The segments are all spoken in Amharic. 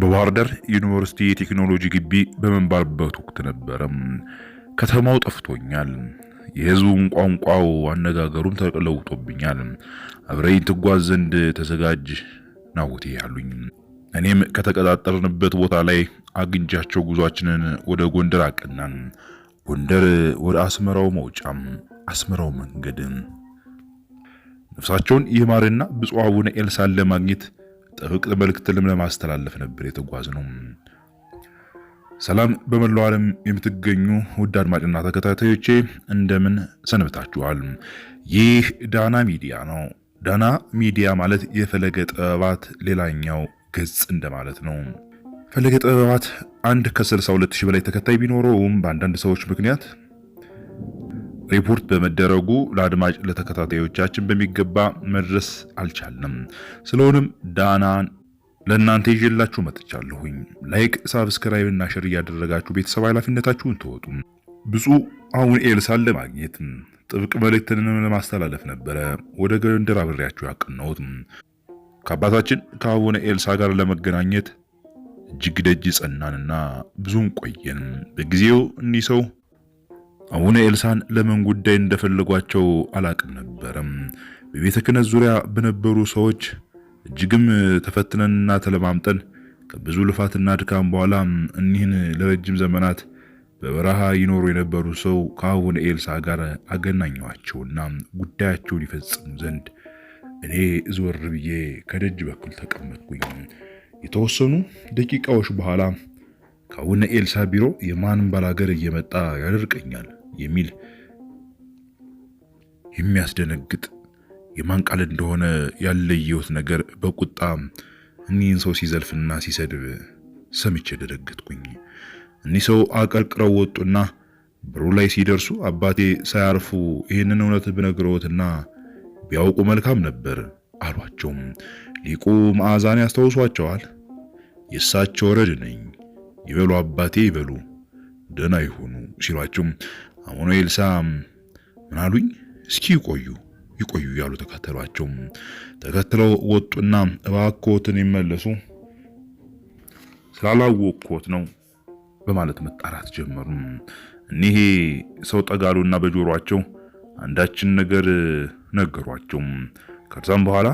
በባህር ዳር ዩኒቨርሲቲ የቴክኖሎጂ ግቢ በመንባልበት ወቅት ነበረ ከተማው ጠፍቶኛል። የህዝቡን ቋንቋው አነጋገሩም ተለውጦብኛል። አብረኝ ትጓዝ ዘንድ ተዘጋጅ ናሁቴ ያሉኝ። እኔም ከተቀጣጠርንበት ቦታ ላይ አግኝቻቸው ጉዟችንን ወደ ጎንደር አቀናን። ጎንደር ወደ አስመራው መውጫም አስመራው መንገድ ነፍሳቸውን ይማርና ብፁዕ አቡነ ኤልሳን ለማግኘት ጥብቅ መልእክትንም ለማስተላለፍ ነበር የተጓዝ ነው። ሰላም በመላው ዓለም የምትገኙ ውድ አድማጭና ተከታታዮቼ እንደምን ሰንብታችኋል? ይህ ዳና ሚዲያ ነው። ዳና ሚዲያ ማለት የፈለገ ጥበባት ሌላኛው ገጽ እንደማለት ነው። ፈለገ ጥበባት አንድ ከ62000 በላይ ተከታይ ቢኖረውም በአንዳንድ ሰዎች ምክንያት ሪፖርት በመደረጉ ለአድማጭ ለተከታታዮቻችን በሚገባ መድረስ አልቻልንም። ስለሆነም ዳናን ለእናንተ ይዤላችሁ መጥቻለሁኝ። ላይክ፣ ሳብስክራይብ እና ሸር እያደረጋችሁ ቤተሰብ ኃላፊነታችሁን ተወጡ። ብፁዕ አቡነ ኤልሳን ለማግኘት ጥብቅ መልእክትንም ለማስተላለፍ ነበረ ወደ ጎንደር አብሬያችሁ ያቀናሁት። ከአባታችን ከአቡነ ኤልሳ ጋር ለመገናኘት እጅግ ደጅ ጸናንና ብዙም ቆየን። በጊዜው እንዲህ ሰው አቡነ ኤልሳን ለምን ጉዳይ እንደፈለጓቸው አላቅም ነበረም። በቤተ ክህነት ዙሪያ በነበሩ ሰዎች እጅግም ተፈትነንና ተለማምጠን ከብዙ ልፋትና ድካም በኋላ እኒህን ለረጅም ዘመናት በበረሃ ይኖሩ የነበሩ ሰው ከአቡነ ኤልሳ ጋር አገናኘዋቸውና ጉዳያቸውን ይፈጽሙ ዘንድ እኔ ዞር ብዬ ከደጅ በኩል ተቀመጥኩኝ። የተወሰኑ ደቂቃዎች በኋላ ከአቡነ ኤልሳ ቢሮ የማንም ባላገር እየመጣ ያደርቀኛል የሚል የሚያስደነግጥ የማን ቃል እንደሆነ ያለየሁት ነገር በቁጣ እኒህን ሰው ሲዘልፍና ሲሰድብ ሰምቼ ደነገጥኩኝ። እኒህ ሰው አቀርቅረው ወጡና በሩ ላይ ሲደርሱ አባቴ ሳያርፉ ይህንን እውነት ብነግረውትና ቢያውቁ መልካም ነበር አሏቸውም። ሊቁ መዓዛን ያስታውሷቸዋል። የእሳቸው ረድ ነኝ ይበሉ አባቴ ይበሉ፣ ደህና ይሆኑ ሲሏቸውም አቡነ ኤልሳ ምን አሉኝ? እስኪ ይቆዩ ይቆዩ ያሉ ተከተሏቸው። ተከትለው ወጡና እባክዎትን ይመለሱ ስላላወቅሁት ነው በማለት መጣራት ጀመሩ። እኒህ ሰው ጠጋሉና በጆሯቸው አንዳችን ነገር ነገሯቸው። ከርሳም በኋላ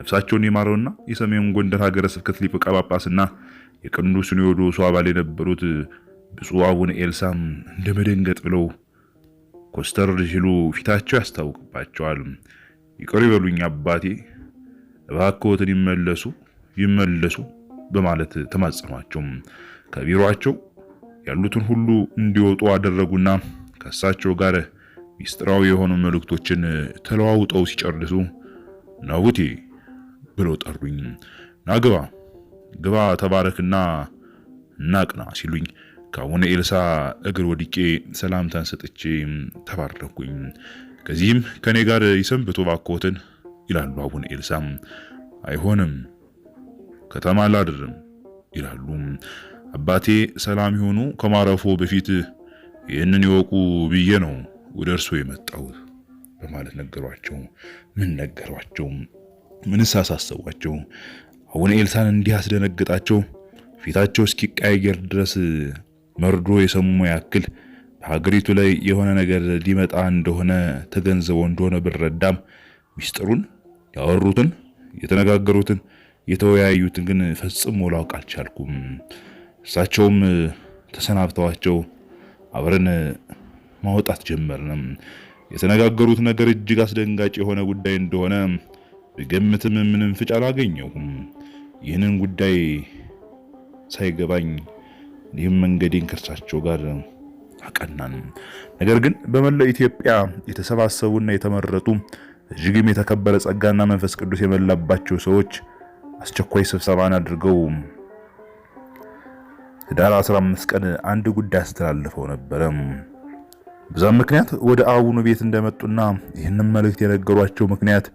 ነፍሳቸውን የማረውና የሰሜን ጎንደር ሀገረ ስብከት ሊቀ ጳጳስና የቅዱስ ሲኖዶሱ አባል የነበሩት ብፁዕ አቡነ ኤልሳም እንደ መደንገጥ ብለው ኮስተር ሲሉ ፊታቸው ያስታውቅባቸዋል። ይቅር ይበሉኝ አባቴ፣ እባክዎትን ይመለሱ ይመለሱ በማለት ተማጸኗቸው። ከቢሮቸው ያሉትን ሁሉ እንዲወጡ አደረጉና ከእሳቸው ጋር ሚስጥራዊ የሆኑ መልእክቶችን ተለዋውጠው ሲጨርሱ ናቡቴ ብለው ጠሩኝ። ናግባ ግባ ተባረክና እናቅና ሲሉኝ ከአቡነ ኤልሳ እግር ወድቄ ሰላምታን ሰጥቼ ተባረኩኝ። ከዚህም ከእኔ ጋር ይሰንብቱ ባኮትን ይላሉ አቡነ ኤልሳም። አይሆንም ከተማ አላድርም ይላሉ አባቴ። ሰላም የሆኑ ከማረፎ በፊት ይህንን ይወቁ ብዬ ነው ወደ እርሶ የመጣው በማለት ነገሯቸው። ምን ነገሯቸው? ምንስ አሳሰቧቸው? አቡነ ኤልሳን እንዲህ አስደነግጣቸው ፊታቸው እስኪቀያየር ድረስ መርዶ የሰሙ ያክል በሀገሪቱ ላይ የሆነ ነገር ሊመጣ እንደሆነ ተገንዘቦ እንደሆነ ብረዳም ሚስጥሩን ያወሩትን የተነጋገሩትን የተወያዩትን ግን ፈጽሞ ላውቅ አልቻልኩም። እሳቸውም ተሰናብተዋቸው አብረን ማውጣት ጀመርንም። የተነጋገሩት ነገር እጅግ አስደንጋጭ የሆነ ጉዳይ እንደሆነ ብገምትም ምንም ፍንጭ አላገኘሁም። ይህንን ጉዳይ ሳይገባኝ ይህም መንገዴን ከእርሳቸው ጋር አቀናን። ነገር ግን በመላው ኢትዮጵያ የተሰባሰቡና የተመረጡ እጅግም የተከበረ ጸጋና መንፈስ ቅዱስ የመላባቸው ሰዎች አስቸኳይ ስብሰባን አድርገው ህዳር 15 ቀን አንድ ጉዳይ አስተላልፈው ነበረ። በዛም ምክንያት ወደ አቡኑ ቤት እንደመጡና ይህንን መልእክት የነገሯቸው ምክንያት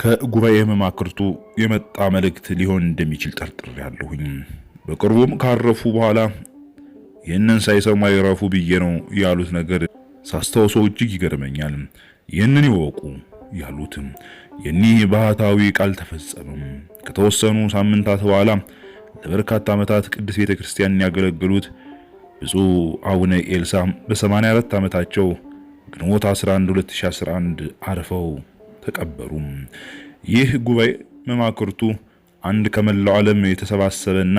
ከጉባኤ መማክርቱ የመጣ መልእክት ሊሆን እንደሚችል ጠርጥር ያለሁኝ። በቅርቡም ካረፉ በኋላ ይህንን ሳይሰማ አይረፉ ብዬ ነው ያሉት ነገር ሳስታውሰው እጅግ ይገርመኛል። ይህንን ይወቁ ያሉትም የኒህ ባህታዊ ቃል ተፈጸመም። ከተወሰኑ ሳምንታት በኋላ ለበርካታ ዓመታት ቅድስት ቤተ ክርስቲያንን ያገለገሉት ብፁዕ አቡነ ኤልሳ በ84 ዓመታቸው ግንቦት 11 2011 አርፈው ተቀበሩ። ይህ ጉባኤ መማክርቱ አንድ ከመላው ዓለም የተሰባሰበና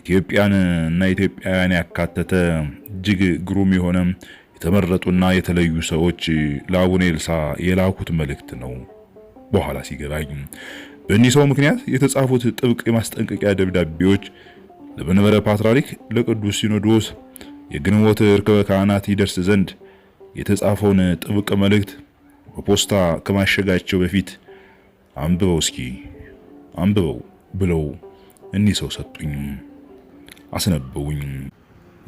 ኢትዮጵያን እና ኢትዮጵያውያን ያካተተ እጅግ ግሩም የሆነ የተመረጡና የተለዩ ሰዎች ለአቡነ ኤልሳ የላኩት መልእክት ነው። በኋላ ሲገባኝ በእኒህ ሰው ምክንያት የተጻፉት ጥብቅ የማስጠንቀቂያ ደብዳቤዎች ለመንበረ ፓትርያርክ ለቅዱስ ሲኖዶስ የግንቦት ርክበ ካህናት ይደርስ ዘንድ የተጻፈውን ጥብቅ መልእክት በፖስታ ከማሸጋቸው በፊት አንብበው እስኪ አንብበው ብለው እኒህ ሰው ሰጡኝ፣ አስነበቡኝ።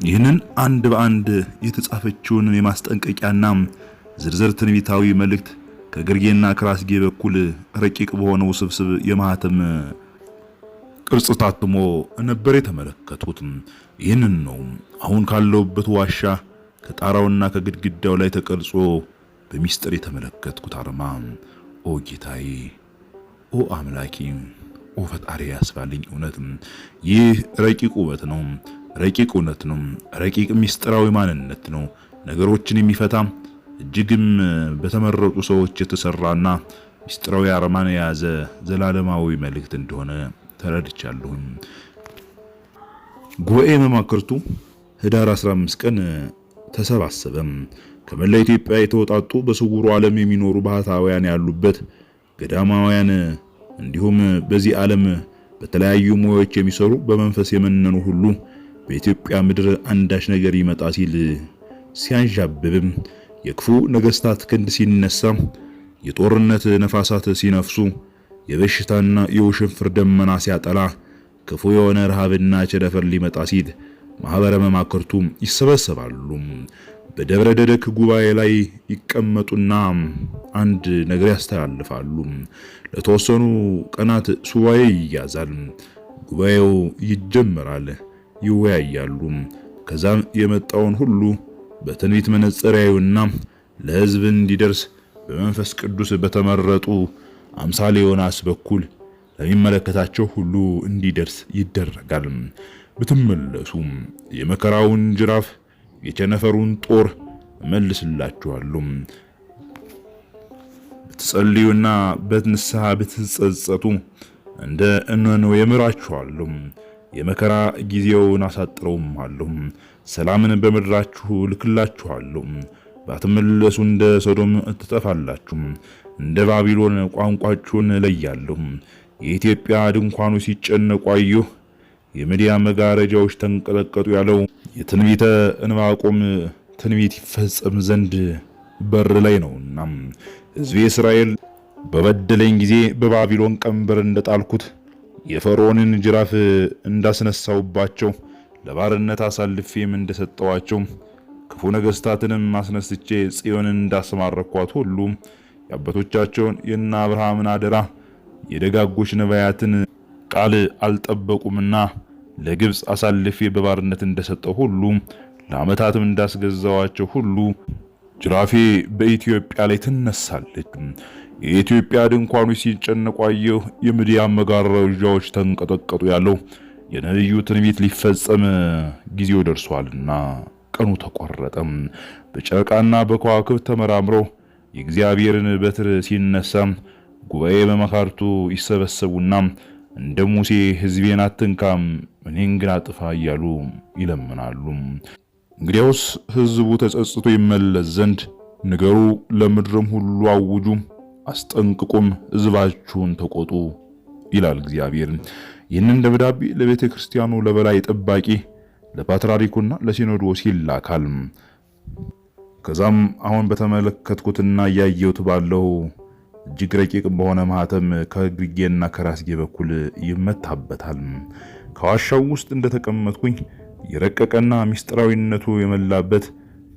ይህንን አንድ በአንድ የተጻፈችውን የማስጠንቀቂያና ዝርዝር ትንቢታዊ መልእክት ከግርጌና ከራስጌ በኩል ረቂቅ በሆነው ስብስብ የማህተም ቅርጽ ታትሞ ነበር የተመለከቱት። ይህንን ነው አሁን ካለውበት ዋሻ ከጣራውና ከግድግዳው ላይ ተቀርጾ በሚስጥር የተመለከትኩት አርማ ኦ ጌታዬ፣ ኦ አምላኬ፣ ኦ ፈጣሪ ያስባልኝ እውነት። ይህ ረቂቅ ውበት ነው፣ ረቂቅ እውነት ነው፣ ረቂቅ ሚስጥራዊ ማንነት ነው። ነገሮችን የሚፈታ እጅግም በተመረጡ ሰዎች የተሰራና ሚስጥራዊ አርማን የያዘ ዘላለማዊ መልእክት እንደሆነ ተረድቻለሁ። ጉባኤ መማክርቱ ህዳር 15 ቀን ተሰባሰበም። ከመላ ኢትዮጵያ የተወጣጡ በስውሩ ዓለም የሚኖሩ ባህታውያን ያሉበት ገዳማውያን እንዲሁም በዚህ ዓለም በተለያዩ ሙያዎች የሚሰሩ በመንፈስ የመነኑ ሁሉ በኢትዮጵያ ምድር አንዳች ነገር ይመጣ ሲል ሲያንዣብብም የክፉ ነገስታት ክንድ ሲነሳ የጦርነት ነፋሳት ሲነፍሱ የበሽታና የውሽንፍር ደመና ሲያጠላ ክፉ የሆነ ረሃብና ቸነፈር ሊመጣ ሲል ማህበረ መማክርቱ ይሰበሰባሉ። በደብረ ደደክ ጉባኤ ላይ ይቀመጡና አንድ ነገር ያስተላልፋሉ። ለተወሰኑ ቀናት ሱባኤ ይያዛል። ጉባኤው ይጀመራል። ይወያያሉ። ከዛም የመጣውን ሁሉ በትንቢት መነጽር ያዩና ለሕዝብ እንዲደርስ በመንፈስ ቅዱስ በተመረጡ አምሳሌ ዮናስ በኩል ለሚመለከታቸው ሁሉ እንዲደርስ ይደረጋል። ብትመለሱ የመከራውን ጅራፍ የቸነፈሩን ጦር እመልስላችኋለሁ። ብትጸልዩና በንስሐ ብትጸጸቱ እንደ እነኖ የምራችኋለሁ። የመከራ ጊዜውን አሳጥረውማለሁ። ሰላምን በምድራችሁ ልክላችኋለሁ። ባትመለሱ እንደ ሶዶም ትጠፋላችሁ። እንደ ባቢሎን ቋንቋችሁን እለያለሁ። የኢትዮጵያ ድንኳኑ ሲጨነቁ አየሁ። የሚዲያ መጋረጃዎች ተንቀጠቀጡ ያለው የትንቢተ እንባቆም ትንቢት ይፈጸም ዘንድ በር ላይ እናም ሕዝቤ እስራኤል በበደለኝ ጊዜ በባቢሎን ቀንበር እንደጣልኩት የፈርዖንን ጅራፍ እንዳስነሳውባቸው ለባርነት አሳልፌም እንደሰጠዋቸው ክፉ ነገስታትንም አስነስቼ ጽዮንን እንዳስማረኳት ሁሉ የአባቶቻቸውን የእነ አብርሃምን አደራ የደጋጎች ነቢያትን ቃል አልጠበቁምና ለግብፅ አሳልፌ በባርነት እንደሰጠው ሁሉ ለዓመታትም እንዳስገዛዋቸው ሁሉ ጅራፌ በኢትዮጵያ ላይ ትነሳለች። የኢትዮጵያ ድንኳኖች ሲጨነቁ አየሁ። የምድያም መጋረጃዎች ተንቀጠቀጡ ያለው የነቢዩ ትንቢት ሊፈጸም ጊዜው ደርሷልና ቀኑ ተቆረጠም። በጨረቃና በከዋክብ ተመራምሮ የእግዚአብሔርን በትር ሲነሳ ጉባኤ በመካርቱ ይሰበሰቡና እንደ ሙሴ ሕዝቤን አትንካም እኔን ግን አጥፋ እያሉ ይለምናሉ። እንግዲያውስ ሕዝቡ ተጸጽቶ ይመለስ ዘንድ ንገሩ፣ ለምድርም ሁሉ አውጁ፣ አስጠንቅቁም፣ ሕዝባችሁን ተቆጡ ይላል እግዚአብሔር። ይህንን ደብዳቤ ለቤተ ክርስቲያኑ ለበላይ ጠባቂ ለፓትርያርኩና ለሲኖዶስ ይላካል። ከዛም አሁን በተመለከትኩትና እያየሁት ባለው እጅግ ረቂቅ በሆነ ማህተም ከግርጌና ከራስጌ በኩል ይመታበታል። ከዋሻው ውስጥ እንደተቀመጥኩኝ የረቀቀና ሚስጥራዊነቱ የመላበት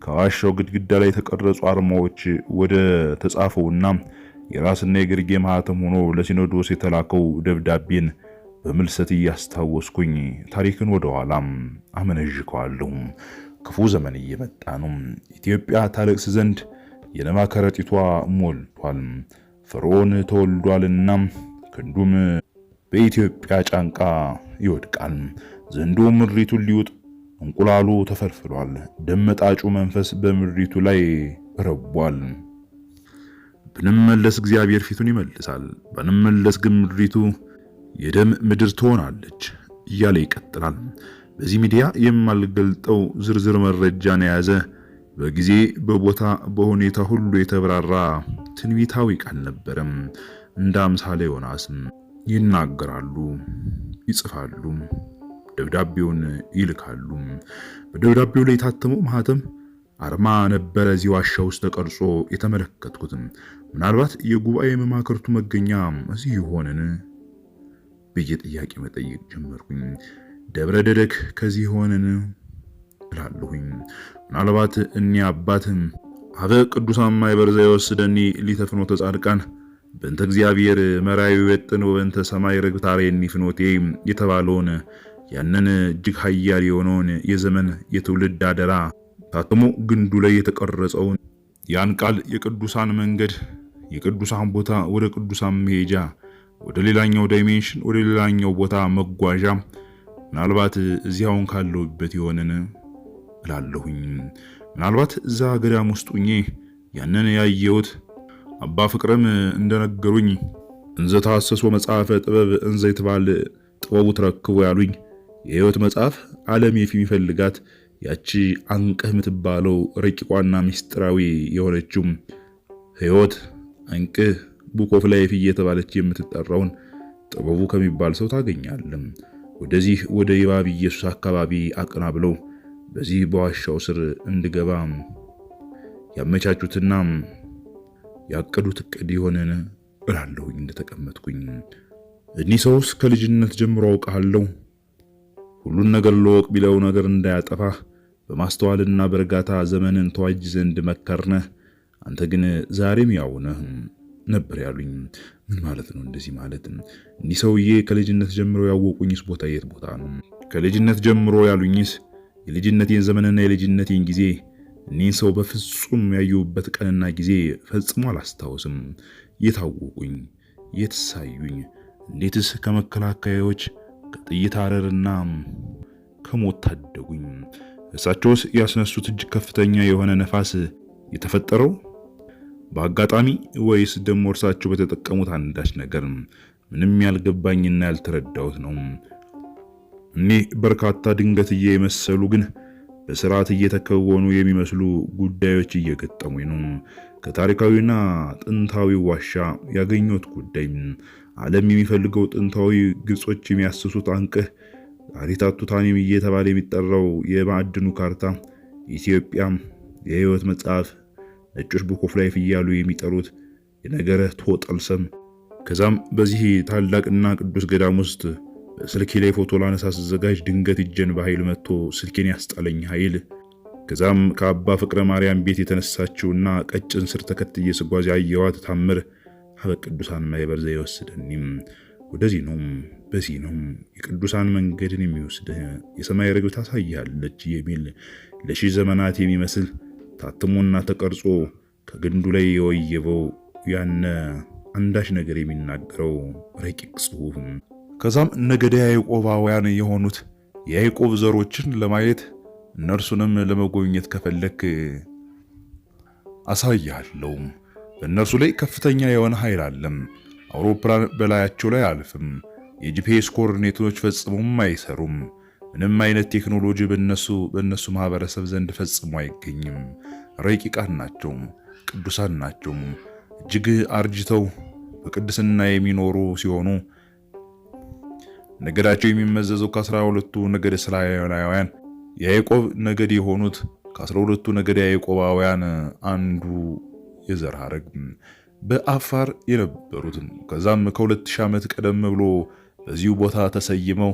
ከዋሻው ግድግዳ ላይ የተቀረጹ አርማዎች ወደ ተጻፈውና የራስና የግርጌ ማህተም ሆኖ ለሲኖዶስ የተላከው ደብዳቤን በምልሰት እያስታወስኩኝ ታሪክን ወደኋላ አመነዥከዋለሁ። ክፉ ዘመን እየመጣ ነው። ኢትዮጵያ ታለቅስ ዘንድ የለማ ከረጢቷ ሞልቷል። ፍሮን ተወልዷልና ክንዱም በኢትዮጵያ ጫንቃ ይወድቃል። ዘንዶ ምድሪቱን ሊውጥ እንቁላሉ ተፈልፍሏል። ደመጣጩ መንፈስ በምድሪቱ ላይ ረቧል። ብንመለስ እግዚአብሔር ፊቱን ይመልሳል፣ ብንመለስ ግን ምድሪቱ የደም ምድር ትሆናለች እያለ ይቀጥላል። በዚህ ሚዲያ የማልገልጠው ዝርዝር መረጃን የያዘ በጊዜ በቦታ በሁኔታ ሁሉ የተብራራ ትንቢታዊ ቃል ነበረም። እንደ አምሳለ ዮናስም ይናገራሉ፣ ይጽፋሉ፣ ደብዳቤውን ይልካሉ። በደብዳቤው ላይ የታተመው ማህተም አርማ ነበረ። እዚህ ዋሻ ውስጥ ተቀርጾ የተመለከትኩትም ምናልባት የጉባኤ መማክርቱ መገኛ እዚህ ይሆንን ብዬ ጥያቄ መጠየቅ ጀመርኩኝ። ደብረ ደደግ ከዚህ ይሆንን እላለሁኝ። ምናልባት እኒ አባት አበ ቅዱሳን በርዛ የወስደኒ ሊተፍኖ ጻድቃን በእንተ እግዚአብሔር መራዊ ወጥን ወበእንተ ሰማይ ርግታሬኒ ፍኖቴ የተባለውን ያንን እጅግ ኃያል የሆነውን የዘመን የትውልድ አደራ ታትሞ ግንዱ ላይ የተቀረጸውን ያን ቃል የቅዱሳን መንገድ የቅዱሳን ቦታ ወደ ቅዱሳን መሄጃ ወደ ሌላኛው ዳይሜንሽን ወደ ሌላኛው ቦታ መጓዣ ምናልባት እዚያውን ካለውበት የሆንን እላለሁኝ። ምናልባት እዛ ገዳም ውስጥ ሁኜ ያንን ያየሁት አባ ፍቅርም እንደነገሩኝ እንዘ ታሰሶ መጽሐፈ ጥበብ እንዘ ይትባል ጥበቡ ትረክቦ ያሉኝ የህይወት መጽሐፍ ዓለም የሚፈልጋት ያቺ አንቅህ የምትባለው ረቂቋና ምስጢራዊ የሆነችው ህይወት አንቅህ ቡክ ኦፍ ላይፍ እየተባለች የምትጠራውን ጥበቡ ከሚባል ሰው ታገኛለም። ወደዚህ ወደ ይባብ ኢየሱስ አካባቢ አቅና ብለው በዚህ በዋሻው ስር እንድገባ ያመቻቹትና ያቀዱት እቅድ የሆነን እላለሁኝ እንደተቀመጥኩኝ። እኒህ ሰውስ ከልጅነት ጀምሮ አውቃለሁ ሁሉን ነገር ለወቅ ቢለው ነገር እንዳያጠፋ በማስተዋልና በእርጋታ ዘመንን ተዋጅ ዘንድ መከርነህ፣ አንተ ግን ዛሬም ያው ነበር ያሉኝ። ምን ማለት ነው እንደዚህ ማለት? እኒህ ሰውዬ ከልጅነት ጀምሮ ያወቁኝስ ቦታ የት ቦታ ነው? ከልጅነት ጀምሮ ያሉኝስ የልጅነቴን ዘመንና የልጅነቴን ጊዜ እኔን ሰው በፍጹም ያዩበት ቀንና ጊዜ ፈጽሞ አላስታውስም። የታወቁኝ የተሳዩኝ እንዴትስ ከመከላከያዎች ከጥይት አረርና ከሞት ታደጉኝ። እሳቸውስ ያስነሱት እጅግ ከፍተኛ የሆነ ነፋስ የተፈጠረው በአጋጣሚ ወይስ ደግሞ እርሳቸው በተጠቀሙት አንዳች ነገር? ምንም ያልገባኝና ያልተረዳሁት ነው። እኒህ በርካታ ድንገትዬ የመሰሉ ግን በስርዓት እየተከወኑ የሚመስሉ ጉዳዮች እየገጠሙ ነው። ከታሪካዊና ጥንታዊ ዋሻ ያገኙት ጉዳይ ዓለም የሚፈልገው ጥንታዊ ግብጾች የሚያስሱት አንቅህ ቱታኒም እየተባለ የሚጠራው የማዕድኑ ካርታ፣ ኢትዮጵያ የህይወት መጽሐፍ፣ ነጮች ቡኮፍ ኦፍ ላይፍ እያሉ የሚጠሩት የነገረ ቶጠልሰም ከዛም በዚህ ታላቅና ቅዱስ ገዳም ውስጥ ስልኬ ላይ ፎቶ ላነሳ ስዘጋጅ ድንገት እጀን በኃይል መጥቶ ስልኬን ያስጣለኝ ኃይል። ከዛም ከአባ ፍቅረ ማርያም ቤት የተነሳችውና ቀጭን ስር ተከትዬ ስጓዝ ያየዋት ታምር አበ ቅዱሳን ማይበር ዘይወስደኒም ወደዚህ ነው በዚህ ነው የቅዱሳን መንገድን የሚወስድህ የሰማይ ርግብ ታሳያለች የሚል ለሺ ዘመናት የሚመስል ታትሞና ተቀርጾ ከግንዱ ላይ የወየበው ያነ አንዳች ነገር የሚናገረው ረቂቅ ጽሑፍ ከዛም ነገደ ያዕቆባውያን የሆኑት የያዕቆብ ዘሮችን ለማየት እነርሱንም ለመጎብኘት ከፈለክ አሳያለሁ በእነርሱ ላይ ከፍተኛ የሆነ ኃይል አለም። አውሮፕላን በላያቸው ላይ አልፍም። የጂፒኤስ ኮርኔቶች ፈጽሞም አይሰሩም። ምንም አይነት ቴክኖሎጂ በነሱ በነሱ ማህበረሰብ ዘንድ ፈጽሞ አይገኝም። ረቂቃን ናቸው፣ ቅዱሳን ናቸው። እጅግ አርጅተው በቅድስና የሚኖሩ ሲሆኑ ነገዳቸው የሚመዘዘው ከ 12 ነገድ እስራኤላውያን የያዕቆብ ነገድ የሆኑት ከ 12 ነገድ ያዕቆባውያን አንዱ የዘር ሐረግ በአፋር የነበሩትን ከዛም ከ2000 ዓመት ቀደም ብሎ በዚሁ ቦታ ተሰይመው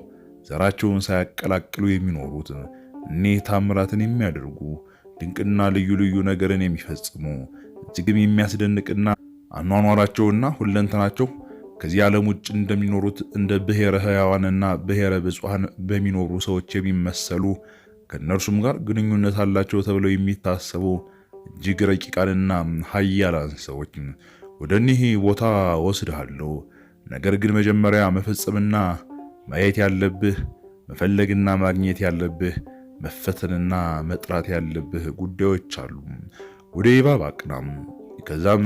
ዘራቸውን ሳያቀላቅሉ የሚኖሩት እኔ ታምራትን የሚያደርጉ ድንቅና ልዩ ልዩ ነገርን የሚፈጽሙ እጅግም የሚያስደንቅና አኗኗራቸውና ሁለንተናቸው ከዚህ ዓለም ውጭ እንደሚኖሩት እንደ ብሔረ ሕያዋንና ብሔረ ብፁዓን በሚኖሩ ሰዎች የሚመሰሉ ከእነርሱም ጋር ግንኙነት አላቸው ተብለው የሚታሰቡ እጅግ ረቂቃንና ሀያላን ሰዎች ወደ እኒህ ቦታ ወስድሃለሁ። ነገር ግን መጀመሪያ መፈጸምና ማየት ያለብህ መፈለግና ማግኘት ያለብህ መፈተንና መጥራት ያለብህ ጉዳዮች አሉ። ወደ ይባብ አቅናም ከዛም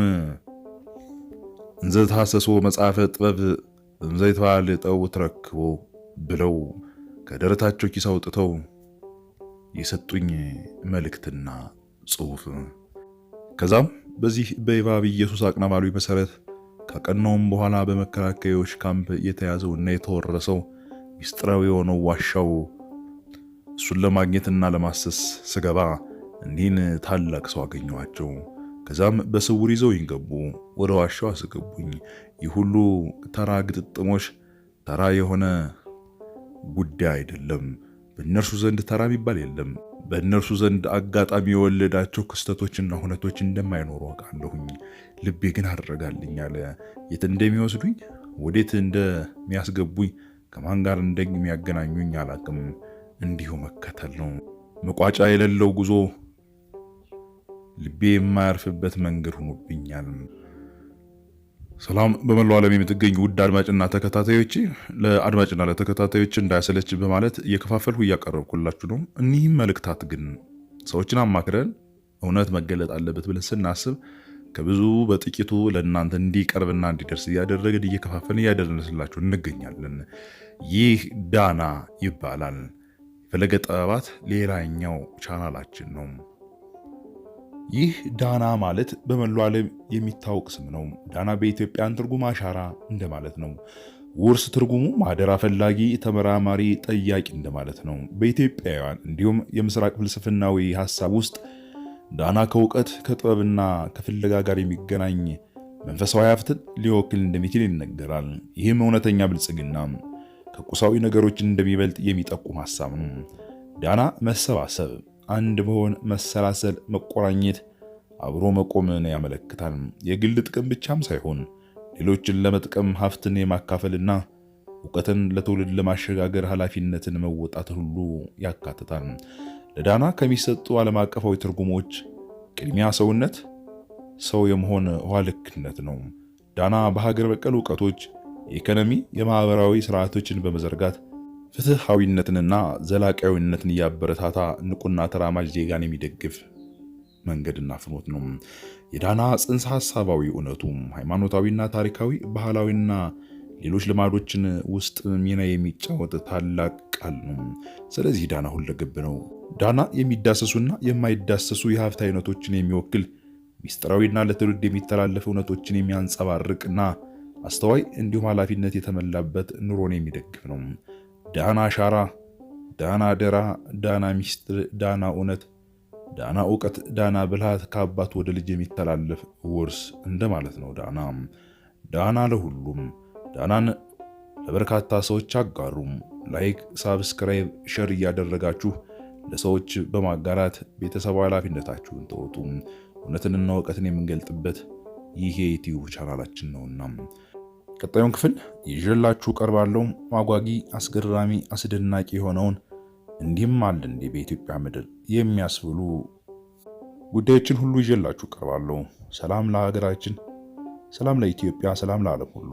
እንዘታሰሶ መጽሐፈ ጥበብ ዘይተባል ጠው ትረክቦ ብለው ከደረታቸው ኪስ አውጥተው የሰጡኝ መልእክትና ጽሑፍ። ከዛም በዚህ በይባብ ኢየሱስ አቅናባሉ መሰረት ከቀናውም በኋላ በመከላከያዎች ካምፕ እና የተወረሰው ሚስጥራዊ የሆነው ዋሻው እሱን ለማግኘትና ለማሰስ ስገባ እኒህን ታላቅ ሰው አገኘኋቸው። ከዛም በስውር ይዘው ይንገቡ ወደ ዋሻው አስገቡኝ። ይህ ሁሉ ተራ ግጥጥሞች ተራ የሆነ ጉዳይ አይደለም። በእነርሱ ዘንድ ተራ የሚባል የለም። በእነርሱ ዘንድ አጋጣሚ የወለዳቸው ክስተቶችና ሁነቶች እንደማይኖሩ አውቃለሁኝ። ልቤ ግን አድረጋልኝ አለ። የት እንደሚወስዱኝ ወዴት እንደሚያስገቡኝ ከማን ጋር እንደሚያገናኙኝ አላቅም። እንዲሁ መከተል ነው መቋጫ የሌለው ጉዞ ልቤ የማያርፍበት መንገድ ሆኖብኛል። ሰላም በመላው ዓለም የምትገኙ ውድ አድማጭና ተከታታዮች ለአድማጭና ለተከታታዮች እንዳያሰለች በማለት እየከፋፈልኩ እያቀረብኩላችሁ ነው። እኒህም መልእክታት ግን ሰዎችን አማክረን እውነት መገለጥ አለበት ብለን ስናስብ ከብዙ በጥቂቱ ለእናንተ እንዲቀርብና እንዲደርስ እያደረግን እየከፋፈልን እያደረስላችሁ እንገኛለን። ይህ ዳና ይባላል። የፈለገ ጥበባት ሌላኛው ቻናላችን ነው። ይህ ዳና ማለት በመላው ዓለም የሚታወቅ ስም ነው። ዳና በኢትዮጵያን ትርጉም አሻራ እንደማለት ነው። ውርስ ትርጉሙ ማደራ ፈላጊ፣ ተመራማሪ፣ ጠያቂ እንደማለት ነው። በኢትዮጵያውያን እንዲሁም የምስራቅ ፍልስፍናዊ ሀሳብ ውስጥ ዳና ከእውቀት ከጥበብና ከፍለጋ ጋር የሚገናኝ መንፈሳዊ ሀብትን ሊወክል እንደሚችል ይነገራል። ይህም እውነተኛ ብልጽግና ከቁሳዊ ነገሮች እንደሚበልጥ የሚጠቁም ሀሳብ ነው። ዳና መሰባሰብ አንድ መሆን፣ መሰላሰል፣ መቆራኘት፣ አብሮ መቆምን ያመለክታል። የግል ጥቅም ብቻም ሳይሆን ሌሎችን ለመጥቀም ሀብትን የማካፈልና እውቀትን ለትውልድ ለማሸጋገር ኃላፊነትን መወጣትን ሁሉ ያካትታል። ለዳና ከሚሰጡ ዓለም አቀፋዊ ትርጉሞች ቅድሚያ ሰውነት፣ ሰው የመሆን ኋልክነት ነው። ዳና በሀገር በቀል እውቀቶች የኢኮኖሚ የማህበራዊ ስርዓቶችን በመዘርጋት ፍትሐዊነትንና ዘላቂያዊነትን እያበረታታ ንቁና ተራማጅ ዜጋን የሚደግፍ መንገድና ፍኖት ነው። የዳና ጽንሰ ሐሳባዊ እውነቱ ሃይማኖታዊና ታሪካዊ፣ ባህላዊና ሌሎች ልማዶችን ውስጥ ሚና የሚጫወት ታላቅ ቃል ነው። ስለዚህ ዳና ሁለገብ ነው። ዳና የሚዳሰሱና የማይዳሰሱ የሀብት አይነቶችን የሚወክል ሚስጥራዊና ለትውልድ የሚተላለፍ እውነቶችን የሚያንጸባርቅና አስተዋይ እንዲሁም ኃላፊነት የተሞላበት ኑሮን የሚደግፍ ነው። ዳና አሻራ፣ ዳና ደራ፣ ዳና ሚስጥር፣ ዳና እውነት፣ ዳና እውቀት፣ ዳና ብልሃት ከአባት ወደ ልጅ የሚተላለፍ ውርስ እንደማለት ነው። ዳና ዳና ለሁሉም ዳናን ለበርካታ ሰዎች አጋሩም። ላይክ፣ ሳብስክራይብ፣ ሸር እያደረጋችሁ ለሰዎች በማጋራት ቤተሰባዊ ኃላፊነታችሁን ተወጡ። እውነትንና እውቀትን የምንገልጥበት ይህ የዩቲዩብ ቻናላችን ነውና ቀጣዩን ክፍል ይዤላችሁ ቀርባለሁ። አጓጊ፣ አስገራሚ፣ አስደናቂ የሆነውን እንዲህም አለ እንዴ በኢትዮጵያ ምድር የሚያስብሉ ጉዳዮችን ሁሉ ይዤላችሁ ቀርባለሁ። ሰላም ለሀገራችን፣ ሰላም ለኢትዮጵያ፣ ሰላም ለዓለም ሁሉ።